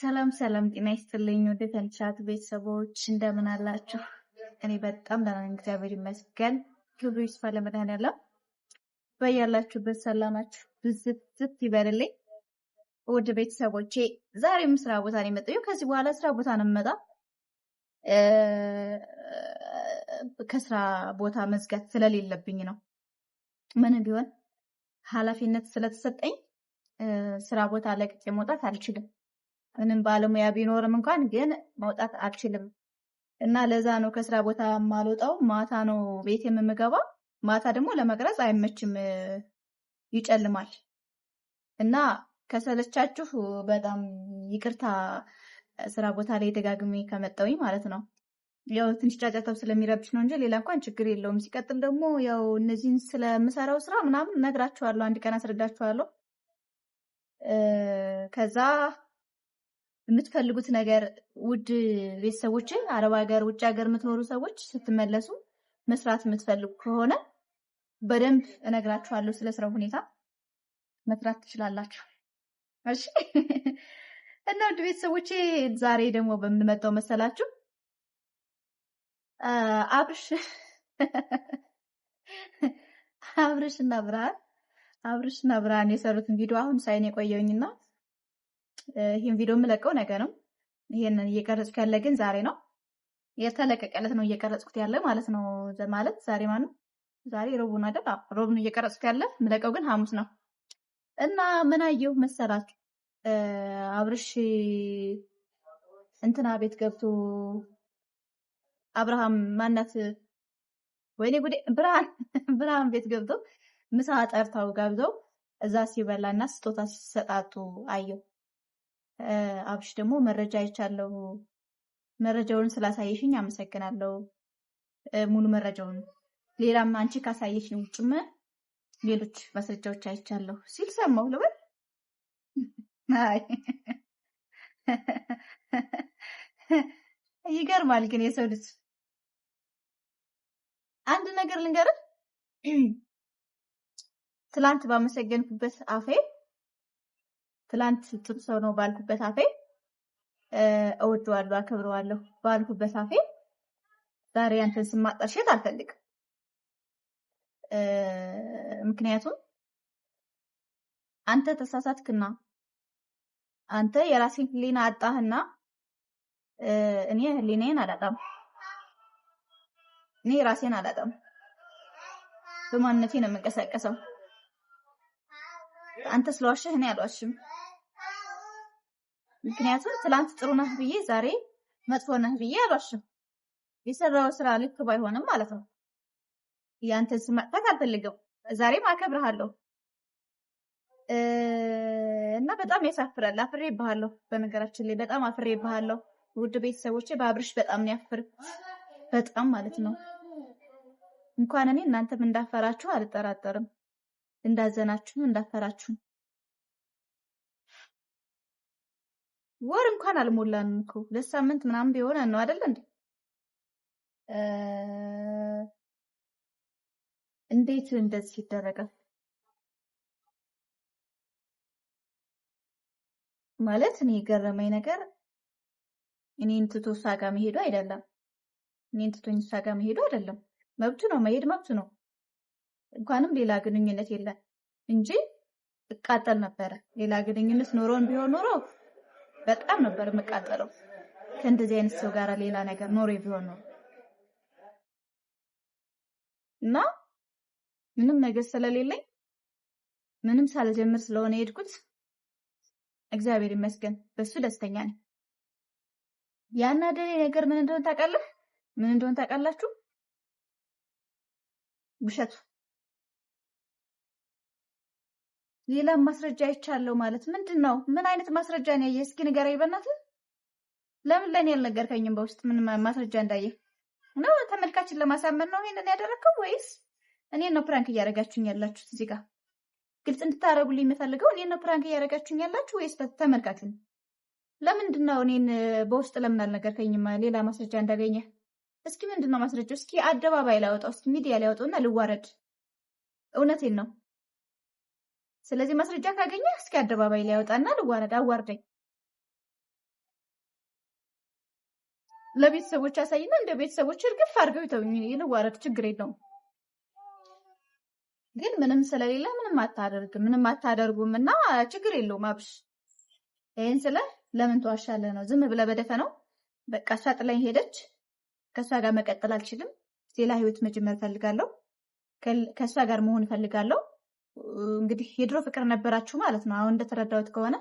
ሰላም ሰላም፣ ጤና ይስጥልኝ ወደ ተልቻት ቤተሰቦች እንደምን አላችሁ? እኔ በጣም ደህና ነኝ፣ እግዚአብሔር ይመስገን። ክብሩ ይስፋ ለመድኃኔዓለም። በያላችሁበት ሰላማችሁ ብዝትት ይበልልኝ። ወደ ቤተሰቦቼ ዛሬም ስራ ቦታ ነው የመጣሁ። ከዚህ በኋላ ስራ ቦታ ነው የምመጣው። ከስራ ቦታ መዝጋት ስለሌለብኝ ነው። ምን ቢሆን ኃላፊነት ስለተሰጠኝ ስራ ቦታ ለቅቄ መውጣት አልችልም። ምንም ባለሙያ ቢኖርም እንኳን ግን መውጣት አልችልም እና ለዛ ነው ከስራ ቦታ የማልወጣው። ማታ ነው ቤት የምንገባ ማታ ደግሞ ለመቅረጽ አይመችም፣ ይጨልማል። እና ከሰለቻችሁ በጣም ይቅርታ፣ ስራ ቦታ ላይ ደጋግሜ ከመጣሁኝ ማለት ነው። ያው ትንሽ ጫጫታው ስለሚረብሽ ነው እንጂ ሌላ እንኳን ችግር የለውም። ሲቀጥል ደግሞ ያው እነዚህን ስለምሰራው ስራ ምናምን ነግራችኋለሁ፣ አንድ ቀን አስረዳችኋለሁ። ከዛ የምትፈልጉት ነገር ውድ ቤተሰቦች፣ አረብ ሀገር፣ ውጭ ሀገር የምትኖሩ ሰዎች ስትመለሱ መስራት የምትፈልጉ ከሆነ በደንብ እነግራችኋለሁ ስለ ስራው ሁኔታ መስራት ትችላላችሁ። እሺ እና ውድ ቤተሰቦቼ ዛሬ ደግሞ በምንመጣው መሰላችሁ አብርሽ እና ብርሃን እና ብርሃን የሰሩትን ቪዲዮ አሁን ሳይን የቆየውኝና ይህን ቪዲዮ የምለቀው ነገ ነው። ይህንን እየቀረጽኩ ያለ ግን ዛሬ ነው የተለቀቀለት ነው እየቀረጽኩት ያለ ማለት ነው። ማለት ዛሬ ማነው ዛሬ ሮቡ ነው አይደል? ሮቡ ነው እየቀረጽኩት ያለ የምለቀው ግን ሐሙስ ነው። እና ምን አየሁ መሰላችሁ አብርሽ እንትና ቤት ገብቶ አብርሃም ማናት ወይኔ ጉዴ ብርሃን ብርሃን ቤት ገብቶ ምሳ ጠርታው ጋብዘው እዛ ሲበላ እና ስጦታ ሲሰጣጡ አየው። አብሽ ደግሞ መረጃ አይቻለሁ፣ መረጃውን ስላሳየሽኝ አመሰግናለሁ። ሙሉ መረጃውን ሌላም አንቺ ካሳየሽ ውጭም ሌሎች ማስረጃዎች አይቻለሁ ሲል ሰማሁ ልበል። አይ ይገርማል። ግን የሰው ልጅ አንድ ነገር ልንገርህ፣ ትላንት ባመሰገንኩበት አፌ ትላንት ጥሩ ሰው ነው ባልኩበት አፌ እወደዋለሁ፣ አከብረዋለሁ ባልኩበት አፌ ዛሬ አንተን ስማጠርሸት አልፈልግም። ምክንያቱም አንተ ተሳሳትክና አንተ የራሴን ህሊና አጣህና እኔ ህሊናዬን አላጣም፣ እኔ ራሴን አላጣም። በማንነቴ ነው የምንቀሳቀሰው። አንተ ስለዋሸህ እኔ አልዋሽም። ምክንያቱም ትላንት ጥሩ ነህ ብዬ ዛሬ መጥፎ ነህ ብዬ አሏሽም። የሰራው ስራ ልክ ባይሆንም ማለት ነው። ያንተን ስም ማጥፋት አልፈልግም። ዛሬም አከብርሃለሁ እና በጣም ያሳፍራል። አፍሬ ይባሃለሁ። በነገራችን ላይ በጣም አፍሬ ይባሃለሁ። ውድ ቤተሰቦቼ በአብርሽ በጣም ነው ያፍር፣ በጣም ማለት ነው። እንኳን እኔ እናንተም እንዳፈራችሁ አልጠራጠርም፣ እንዳዘናችሁም እንዳፈራችሁም ወር እንኳን አልሞላን እኮ ሁለት ሳምንት ምናምን ቢሆን ነው አይደለ እንዴ? እንዴት እንደዚህ ይደረጋል? ማለት እኔ የገረመኝ ነገር እኔን ትቶ እሷ ጋር መሄዱ አይደለም። እኔን ትቶኝ እሷ ጋር መሄዱ አይደለም። መብቱ ነው፣ መሄድ መብቱ ነው። እንኳንም ሌላ ግንኙነት የለን እንጂ እቃጠል ነበረ። ሌላ ግንኙነት ኖሮን ቢሆን ኖሮ በጣም ነበር የምቃጠለው። ከእንደዚህ አይነት ሰው ጋር ሌላ ነገር ኖሬ ቢሆን ነው እና ምንም ነገር ስለሌለኝ ምንም ሳልጀምር ስለሆነ የሄድኩት እግዚአብሔር ይመስገን በሱ ደስተኛ ነኝ። ያናደደኝ ነገር ምን እንደሆነ ታውቃለህ? ምን እንደሆነ ታውቃላችሁ? ውሸቱ ሌላ ማስረጃ አይቻለሁ ማለት ምንድን ነው? ምን አይነት ማስረጃ ነው ያየህ? እስኪ ንገረኝ በእናትህ። ለምን ለእኔ አልነገርከኝም? በውስጥ ምን ማስረጃ እንዳየህ ነው? ተመልካችን ለማሳመን ነው ይሄንን ያደረግከው ወይስ እኔ ነው ፕራንክ እያደረጋችሁኝ ያላችሁት? እዚህ ጋር ግልጽ እንድታደረጉልኝ የምፈልገው እኔ ነው ፕራንክ እያደረጋችሁኝ ያላችሁ ወይስ ተመልካችን? ለምንድን ነው እኔን በውስጥ ለምን አልነገርከኝም ሌላ ማስረጃ እንዳገኘ? እስኪ ምንድን ነው ማስረጃው? እስኪ አደባባይ አወጣው፣ እስኪ ሚዲያ ሊያወጣውና ልዋረድ። እውነቴን ነው ስለዚህ ማስረጃ ካገኘ እስኪ አደባባይ ላይ ያወጣና ልዋረድ፣ አዋርደኝ፣ ለቤተሰቦች አሳይና እንደ ቤተሰቦች እርግፍ አድርገው ይተውኝ፣ ልዋረድ፣ ችግር የለውም። ግን ምንም ስለሌለ ምንም አታደርግም፣ ምንም አታደርጉም እና ችግር የለውም። አብሽ ይህን ስለ ለምን ተዋሻለ ነው። ዝም በደፈ በደፈነው በቃ እሷ ጥላኝ ሄደች፣ ከእሷ ጋር መቀጠል አልችልም፣ ሌላ ህይወት መጀመር እፈልጋለሁ፣ ከእሷ ጋር መሆን እፈልጋለሁ እንግዲህ የድሮ ፍቅር ነበራችሁ ማለት ነው። አሁን እንደተረዳሁት ከሆነ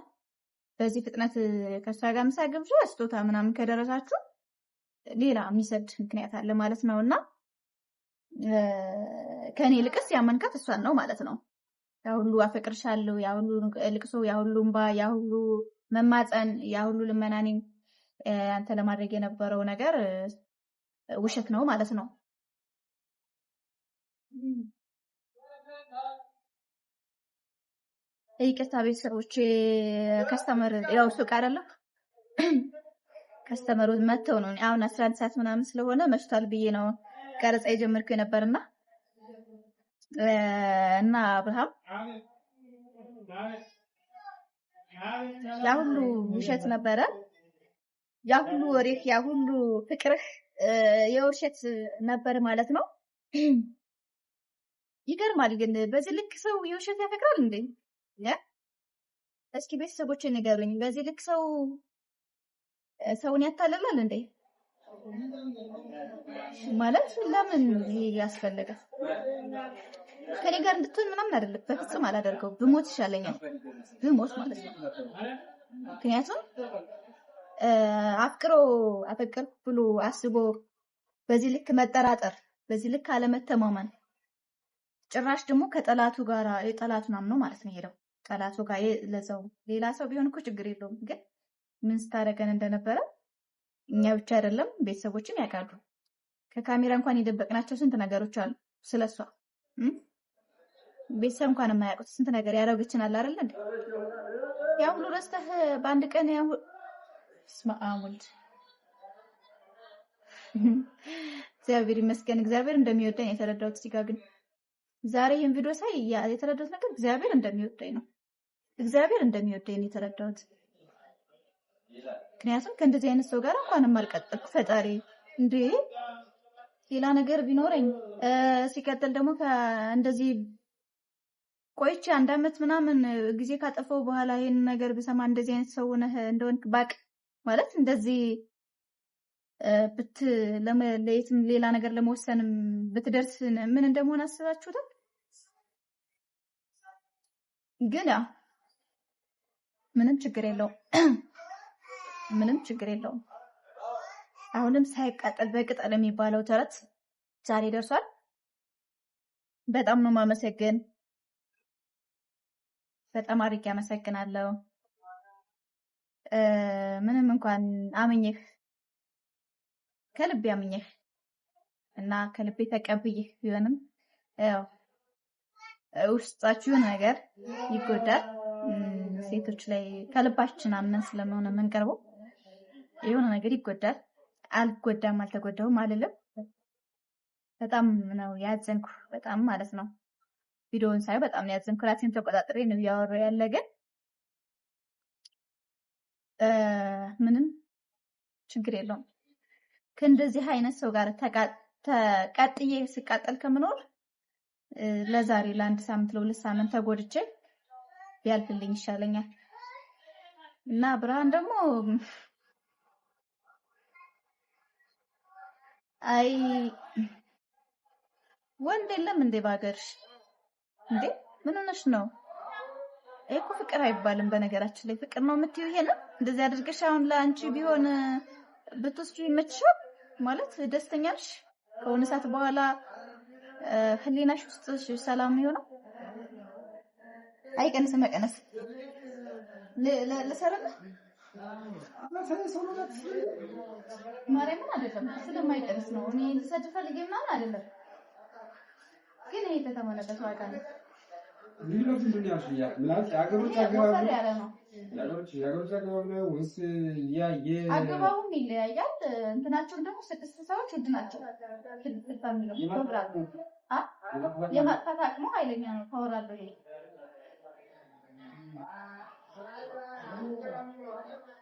በዚህ ፍጥነት ከእሷ ጋር ምሳ ግብዣ፣ ስጦታ ምናምን ከደረሳችሁ ሌላ የሚሰድ ምክንያት አለ ማለት ነው። እና ከእኔ ልቅስ ያመንካት እሷን ነው ማለት ነው። ያሁሉ አፈቅርሻለሁ፣ ያሁሉ ልቅሶ፣ ያሁሉ እምባ፣ ያሁሉ መማፀን፣ ያሁሉ ልመናኔ አንተ ለማድረግ የነበረው ነገር ውሸት ነው ማለት ነው። ይቅርታ ቤተሰቦች፣ ከስተመር ያው ሱቅ አይደለ ከስተመሩ መጥተው ነው። አሁን አስራ አንድ ሰዓት ምናምን ስለሆነ መሽቷል ብዬ ነው ቀረጻ የጀመርኩ የነበርና እና አብርሃም ያ ሁሉ ውሸት ነበረ፣ ያ ሁሉ ወሬህ፣ ያ ሁሉ ፍቅርህ የውሸት ነበር ማለት ነው። ይገርማል ግን በዚህ ልክ ሰው የውሸት ያፈቅራል እንዴ? እስኪ ቤተሰቦች ንገሩኝ፣ በዚህ ልክ ሰው ሰውን ያታልላል እንዴ? ማለት ለምን ያስፈልገ? ከኔ ጋር እንድትሆን ምናምን አይደለም፣ በፍጹም አላደርገው። ብሞት ይሻለኛል፣ ብሞት ማለት ነው። ምክንያቱም አፍቅሮ አፈቅር ብሎ አስቦ በዚህ ልክ መጠራጠር፣ በዚህ ልክ አለመተማመን፣ ጭራሽ ደግሞ ከጠላቱ ጋር የጠላቱ ናም ነው ማለት ነው ሄደው ጠላቱ ጋር ለሰው ሌላ ሰው ቢሆን እኮ ችግር የለውም። ግን ምን ስታደርገን እንደነበረ እኛ ብቻ አይደለም ቤተሰቦችም ያውቃሉ። ከካሜራ እንኳን የደበቅናቸው ስንት ነገሮች አሉ። ስለሷ ቤተሰብ እንኳን የማያውቁት ስንት ነገር ያደረገችን አለ አይደለ እንዴ? ያ ሁሉ ረስተህ በአንድ ቀን ያው ስማአሙልድ እግዚአብሔር ይመስገን እግዚአብሔር እንደሚወዳኝ የተረዳሁት። ሲጋ ግን ዛሬ ይህን ቪዲዮ ሳይ የተረዳሁት ነገር እግዚአብሔር እንደሚወዳኝ ነው። እግዚአብሔር እንደሚወደኝ የተረዳሁት። ምክንያቱም ከእንደዚህ አይነት ሰው ጋር እንኳንም አልቀጠልኩ። ፈጣሪ እንዴ ሌላ ነገር ቢኖረኝ ሲቀጥል ደግሞ እንደዚህ ቆይቼ አንድ አመት ምናምን ጊዜ ካጠፈው በኋላ ይህን ነገር ብሰማ እንደዚህ አይነት ሰው ነህ እንደሆንክ ባቅ ማለት እንደዚህ ብት ለየትም ሌላ ነገር ለመወሰንም ብትደርስ ምን እንደመሆን አስባችሁታል? ግን ያው ምንም ችግር የለውም። ምንም ችግር የለውም። አሁንም ሳይቃጠል በቅጠል የሚባለው ተረት ዛሬ ደርሷል። በጣም ነው ማመሰግን። በጣም አድርጌ አመሰግናለሁ። ምንም እንኳን አምኜህ ከልቤ አምኜህ እና ከልቤ ተቀብዬህ ቢሆንም ያው ውስጣችሁ ነገር ይጎዳል። ሴቶች ላይ ከልባችን አምነን ስለመሆነ የምንቀርበው የሆነ ነገር ይጎዳል። አልጎዳም አልተጎዳውም አልልም። በጣም ነው ያዘንኩ፣ በጣም ማለት ነው። ቪዲዮውን ሳይ በጣም ነው ያዘንኩ። ራሴን ተቆጣጥሬ ነው እያወራሁ ያለ፣ ግን ምንም ችግር የለውም። ከእንደዚህ አይነት ሰው ጋር ተቀጥዬ ስቃጠል ከምኖር ለዛሬ ለአንድ ሳምንት ለሁለት ሳምንት ተጎድቼ ቢያልፍልኝ ይሻለኛል። እና ብርሃን ደግሞ አይ ወንድ የለም እንዴ ባገርሽ? እንዴ ምን ሆነሽ ነው? ይሄ እኮ ፍቅር አይባልም። በነገራችን ላይ ፍቅር ነው የምትይው ይሄ ነው። እንደዚህ አድርገሽ አሁን ለአንቺ ቢሆን ብትወስጂ ይመችሻል ማለት ደስተኛልሽ ከሆነ ሰዓት በኋላ ህሊናሽ ውስጥ ሰላም ይሆናል። አይቀንስም። መቀነስ ልሰርም ማርያምን አይደለም ስለማይቀንስ ነው። እኔ ልሰድ ፈልጌ ምናምን አይደለም፣ ግን ይሄ ተተመለከቱ ዋጋ ነው። አገባቡም ይለያያል። እንትናቸውን ደግሞ ስድስት ሰዎች ውድ ናቸው። የማጥፋት አቅሙ ኃይለኛ ነው። ታወራለሁ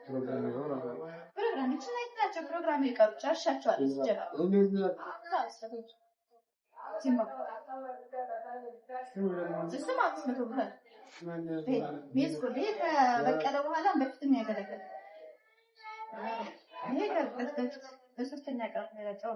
ፕሮግራሚችን አይተናቸው ፕሮግራም ይቀሩ ጨርሻቸዋል። እሱም አምስት መቶ ከበቀለ በኋላ በፊትም ያገለገለ ይሄ በሶስተኛ ቀን ጨው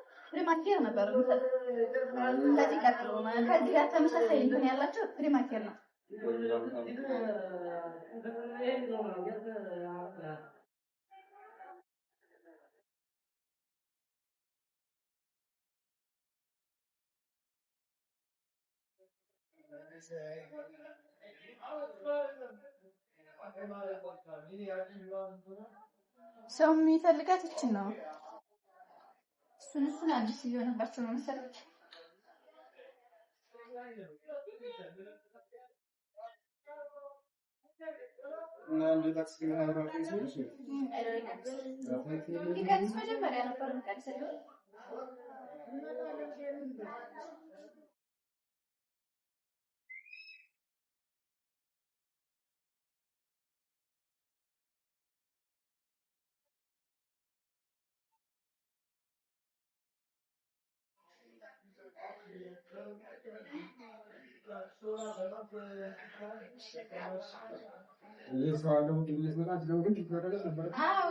ፕሪማኬር ነበር። ከዚህ ቀጥሎ ከዚህ ጋር ተመሳሳይ እንትን ያላቸው ፕሪማኬር ነው። ሰው የሚፈልጋት ይችን ነው። Sınırsız öncesi Lion'un başlamamı sebep. Era legal. É e quero escolher amarelo para um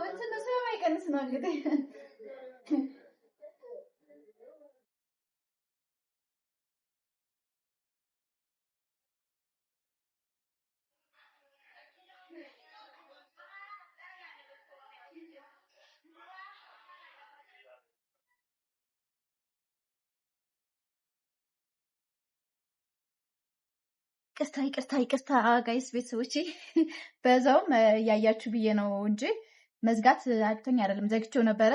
እንትን ስለማይቀንስ ነው እንግዲህ ይቅርታ ይቅርታ ይቅርታ ጋይስ ቤተሰቦቼ፣ በዛውም ያያችሁ ብዬ ነው እንጂ መዝጋት አቅቶኝ አይደለም። ዘግቼው ነበረ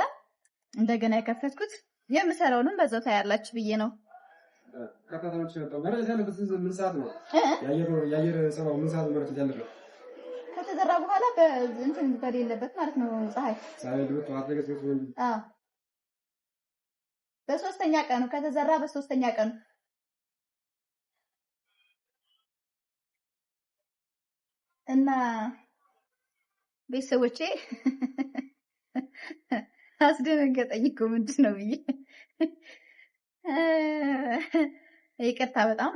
እንደገና የከፈትኩት የምሰራውንም በዛው ታያላችሁ ብዬ ነው። ከተዘራ በኋላ በእንትን በሌለበት ማለት ነው ፀሐይ በሶስተኛ ቀኑ ከተዘራ በሶስተኛ ቀኑ እና ቤተሰቦቼ አስደነገጠኝ እኮ ምንድን ነው ብዬ ይቅርታ በጣም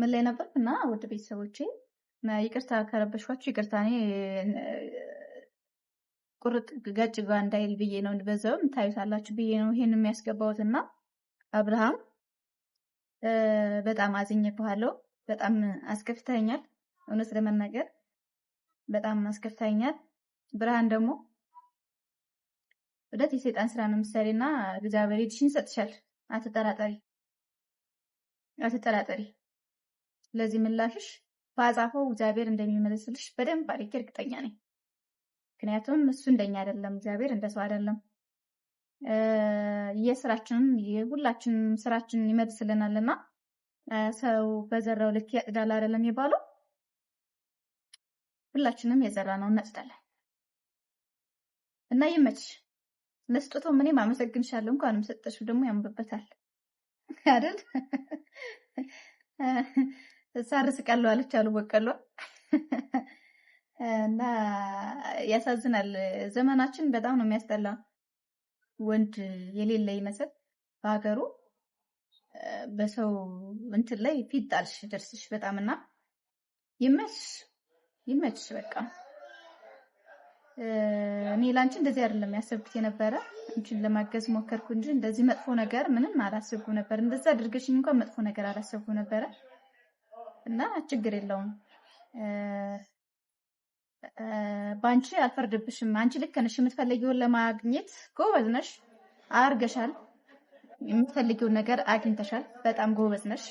ምን ላይ ነበር? እና ውድ ቤተሰቦቼ ይቅርታ ከረበሽኳችሁ ይቅርታ። እኔ ቁርጥ ገጭ እንዳይል ብዬ ነው፣ በዛውም ታዩታላችሁ ብዬ ነው ይሄን የሚያስገባውት እና አብርሃም በጣም አዝኜብሃለሁ። በጣም አስከፍተኛል። እውነት ለመናገር በጣም አስከፍተኛል። ብርሃን ደግሞ እውነት የሰይጣን ስራ ነው የምትሰሪና እግዚአብሔር እጅሽን ይሰጥሻል። አትጠራጠሪ፣ አትጠራጠሪ። ለዚህ ምላሽሽ በአጻፈው እግዚአብሔር እንደሚመለስልሽ በደንብ አድርጌ እርግጠኛ ነኝ። ምክንያቱም እሱ እንደኛ አይደለም፣ እግዚአብሔር እንደሰው አይደለም። የስራችንን የሁላችንም ስራችንን ይመልስልናል እና ሰው በዘራው ልክ ያጭዳል አይደለም የሚባለው። ሁላችንም የዘራ ነው እናጭዳለን እና ይመች ለስጦታው ምንም አመሰግንሻለሁ። እንኳንም ሰጠሽው ደግሞ ያምርበታል አይደል? ሳርስ ቀሎ አለች አሉ በቀሎ እና ያሳዝናል። ዘመናችን በጣም ነው የሚያስጠላው። ወንድ የሌለ ይመስል በሀገሩ በሰው እንትን ላይ ፊት ጣልሽ ደርስሽ በጣም እና ይመችሽ በቃ እኔ ላንቺ እንደዚህ አይደለም ያሰብኩት የነበረ አንቺን ለማገዝ ሞከርኩ እንጂ እንደዚህ መጥፎ ነገር ምንም አላሰብኩ ነበር። እንደዛ አድርገሽኝ እንኳን መጥፎ ነገር አላሰብኩ ነበረ እና ችግር የለውም። በአንቺ አልፈርድብሽም። አንቺ ልክ ነሽ። የምትፈልጊውን ለማግኘት ጎበዝ ነሽ፣ አርገሻል። የምትፈልጊውን ነገር አግኝተሻል። በጣም ጎበዝ ነሽ።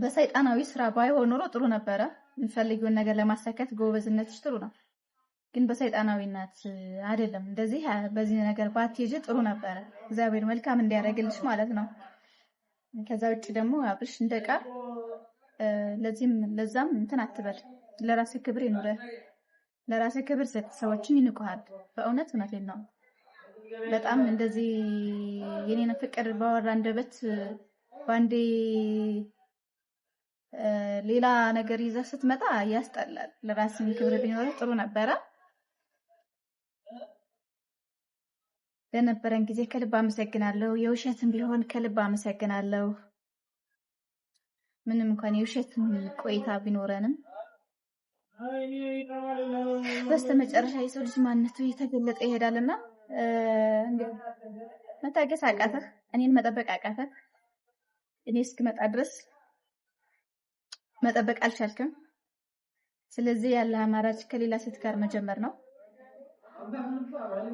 በሰይጣናዊ ስራ ባይሆን ኖሮ ጥሩ ነበረ። የምትፈልጊውን ነገር ለማሳካት ጎበዝነትሽ ጥሩ ነው፣ ግን በሰይጣናዊነት አይደለም። እንደዚህ በዚህ ነገር ባትሄጂ ጥሩ ነበረ። እግዚአብሔር መልካም እንዲያደርግልሽ ማለት ነው። ከዛ ውጭ ደግሞ አብርሽ እንደቃ ለዚህም ለዛም እንትን አትበል። ለራሴ ክብር ይኑረህ። ለራሴ ክብር ስጥ፣ ሰዎችን ይንቁሃል። በእውነት እውነቴን ነው። በጣም እንደዚህ የኔን ፍቅር ባወራ አንደበት በአንዴ ሌላ ነገር ይዘህ ስትመጣ ያስጠላል። ለራስን ክብር ቢኖረ ጥሩ ነበረ። ለነበረን ጊዜ ከልብ አመሰግናለሁ። የውሸትም ቢሆን ከልብ አመሰግናለሁ። ምንም እንኳን የውሸት ቆይታ ቢኖረንም በስተመጨረሻ የሰው ልጅ ማንነቱ እየተገለጠ ይሄዳልና መታገስ አቃተህ፣ እኔን መጠበቅ አቃተህ። እኔ እስክመጣ ድረስ መጠበቅ አልቻልክም። ስለዚህ ያለ አማራጭ ከሌላ ሴት ጋር መጀመር ነው።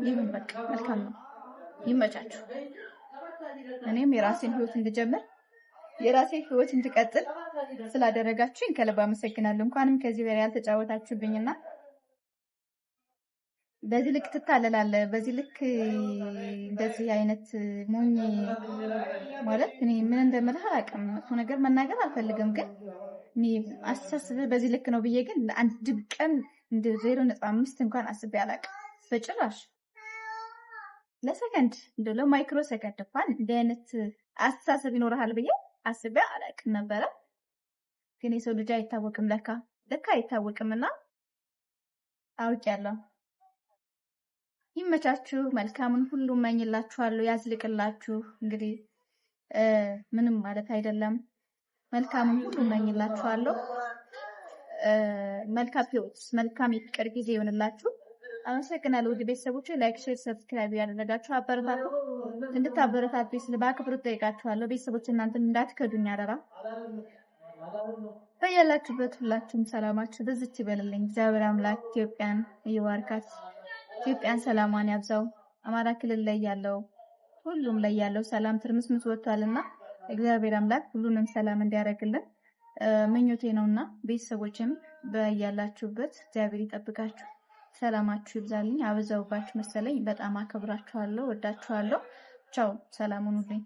ይሁን በቃ መልካም ነው፣ ይመቻችሁ። እኔም የራሴን ህይወት እንድጀምር የራሴ ህይወት እንድቀጥል ስላደረጋችሁኝ ከልብ አመሰግናለሁ። እንኳንም ከዚህ በላይ ያልተጫወታችሁብኝና በዚህ ልክ ትታለላለህ፣ በዚህ ልክ እንደዚህ አይነት ሞኝ ማለት እኔ ምን እንደምልህ አላውቅም። መጥፎ ነገር መናገር አልፈልግም፣ ግን እኔ አስተሳስብህ በዚህ ልክ ነው ብዬ ግን አንድ ቀን እንደ ዜሮ ነጥብ አምስት እንኳን አስቤ አላውቅም በጭራሽ። ለሰከንድ እንደ ለማይክሮ ሰከንድ እንኳን እንዲህ አይነት አስተሳሰብ ይኖርሃል ብዬ አስቤ አላውቅም ነበረ። ግን የሰው ልጅ አይታወቅም። ለካ ለካ አይታወቅም። እና አውቄያለሁ። ይመቻችሁ። መልካምን ሁሉ እመኝላችኋለሁ። ያዝልቅላችሁ። እንግዲህ ምንም ማለት አይደለም። መልካምን ሁሉ እመኝላችኋለሁ። መልካም ህይወት፣ መልካም የፍቅር ጊዜ ይሆንላችሁ። አመሰግናለሁ። ውድ ቤተሰቦች ላይክ፣ ሼር፣ ሰብስክራይብ ያደረጋችሁ አበረታቱ። እንድታበረታቱ ስል በአክብሮት ጠይቃችኋለሁ። ቤተሰቦች እናንተን እንዳትከዱኝ አደራ። በያላችሁበት ሁላችሁም ሰላማችሁ ብዝት ይበልልኝ። እግዚአብሔር አምላክ ኢትዮጵያን ይባርካት፣ ኢትዮጵያን ሰላሟን ያብዛው። አማራ ክልል ላይ ያለው ሁሉም ላይ ያለው ሰላም ትርምስምስ ወጥቷልና እግዚአብሔር አምላክ ሁሉንም ሰላም እንዲያደርግልን ምኞቴ ነውና ቤተሰቦችም በያላችሁበት እግዚአብሔር ይጠብቃችሁ፣ ሰላማችሁ ይብዛልኝ። አበዛውባችሁ መሰለኝ። በጣም አከብራችኋለሁ፣ ወዳችኋለሁ። ቻው፣ ሰላሙን ሁሉኝ